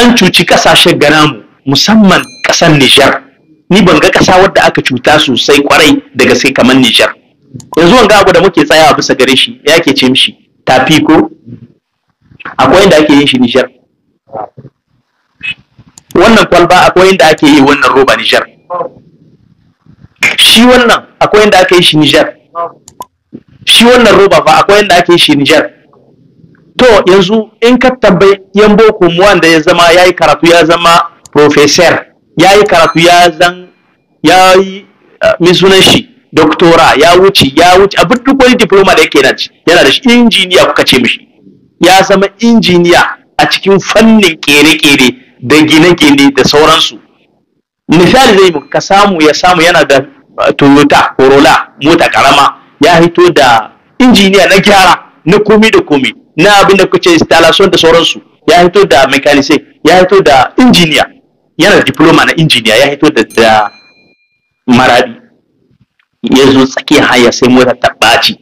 an cuci kasashen ganamu musamman kasan Nijar ni ban ga kasa wadda aka cuta sosai kwarai daga sai kamar Nijar yanzu wanga abu da muke tsayawa bisa gare shi ya ke ce mishi tafi ko akwai inda ake yin shi Nijar wannan kwalba akwai inda ake yi wannan roba Nijar shi wannan akwai inda ake yi shi Nijar shi wannan roba fa akwai inda ake yi shi Nijar to yanzu in ka tambayi yan boko mu wanda ya zama ya yi karatu ya zama professor ya yi karatu ya zan ya yi eh, misunan shi doktora ya wuce ya wuce abin duk wani diploma da yake yana da shi injiniya kuka ce mishi ya zama injiniya a cikin fannin kere-kere da gine-gine da sauransu misali zai ka samu ya samu yana da eh, toyota corolla mota karama ya hito da injiniya na gyara na komi da komi na abin da kuce installation da sauransu ya hito da mekanise ya hito da injiniya yana da diploma na injiniya ya hito da da maradi ya zo tsakiyar haya sai mota ta ɓaci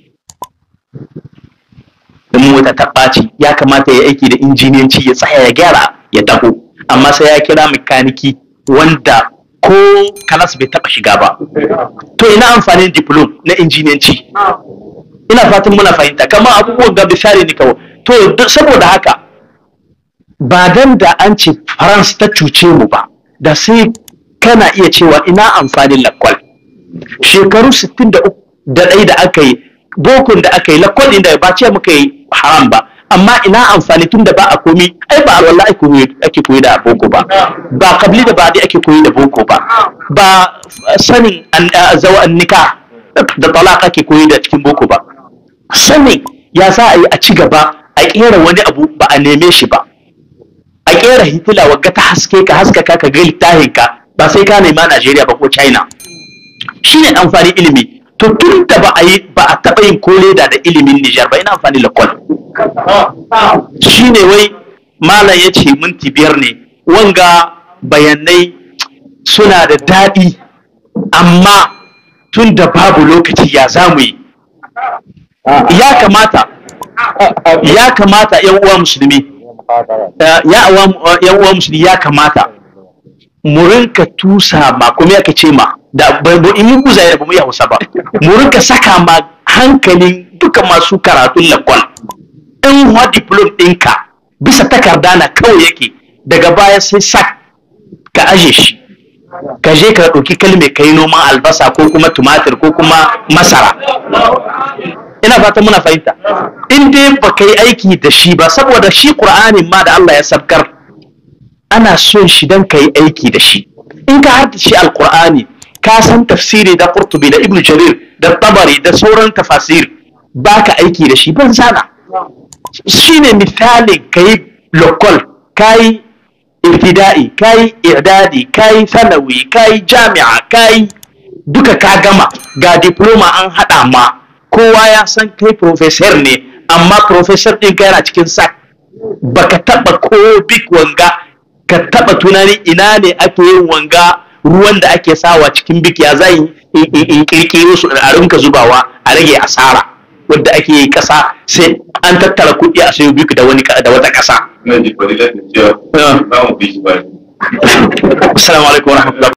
da mota ta ɓaci ya kamata ya aiki da injiniyanci ya tsaya ya gyara ya taho amma sai ya kira mekaniki wanda ko kalas bai taɓa shiga ba to ina amfani diploma na injiniyanci ina fatan muna fahimta kamar abubuwan ga bishari ne kawai to saboda haka ba dan da an ce France ta cuce mu ba da sai kana iya cewa ina amfanin lakwal shekaru 63 da ɗai da aka yi bokun da aka yi lakwal inda ba ce muka yi haram ba amma ina amfani tun da ba a komi ai ba alwala ake koyi da boko ba ba kabli da dai ake koyi da boko ba ba sanin zawa nika da talaka ake koyi da cikin boko ba sani ya sa a yi a ci gaba a ƙera wani abu ba a neme shi ba a ƙera hitila wagga ta haske ka haska ka ga littafin ka ba sai ka nema Najeriya ba ko China shine amfani ilimi to tun da ba a yi ba a taɓa yin ko leda da ilimin Nijar ba ina amfani da kwal shine wai malam ya ce minti biyar ne wanga bayanai suna da daɗi amma tun da babu lokaci ya zamu yi ya kamata ya kamata yan uwa musulmi eh, ya uwa musulmi ya kamata murin ka tusa ma kuma ya ce ma da ba in guza ya ba mu iya hausa ba mu rinka saka ma hankalin duka masu karatun lakon in wa diplom ɗinka bisa takarda na kawai yake daga baya sai sak ka aje shi ka je ka ɗauki kalme ka yi noman albasa ko kuma tumatir ko kuma masara ina fatan muna fahimta in dai ba kai aiki da shi ba saboda shi qur'anin ma da Allah ya sabkar ana son shi dan ka aiki da shi in ka shi alqur'ani ka san tafsiri da qurtubi da ibnu jarir da tabari da sauran tafasir baka aiki da shi ban sana shine misali kai lokal kai ibtidai irtida'i i'dadi kayi sanawi kai jami'a kayi duka ka gama ga diploma an haɗa ma kowa ya san kai professor ne amma professor ɗinka yana cikin sac baka taba ko big wanga ka taba tunani ina ne ake yin wanga ruwan da ake sawa cikin big ya zai in kirkiro su a rinka zubawa a rage asara wadda ake yi kasa sai an tattara kuɗi a sayo big da wani da wata kasa assalamu alaikum warahmatullahi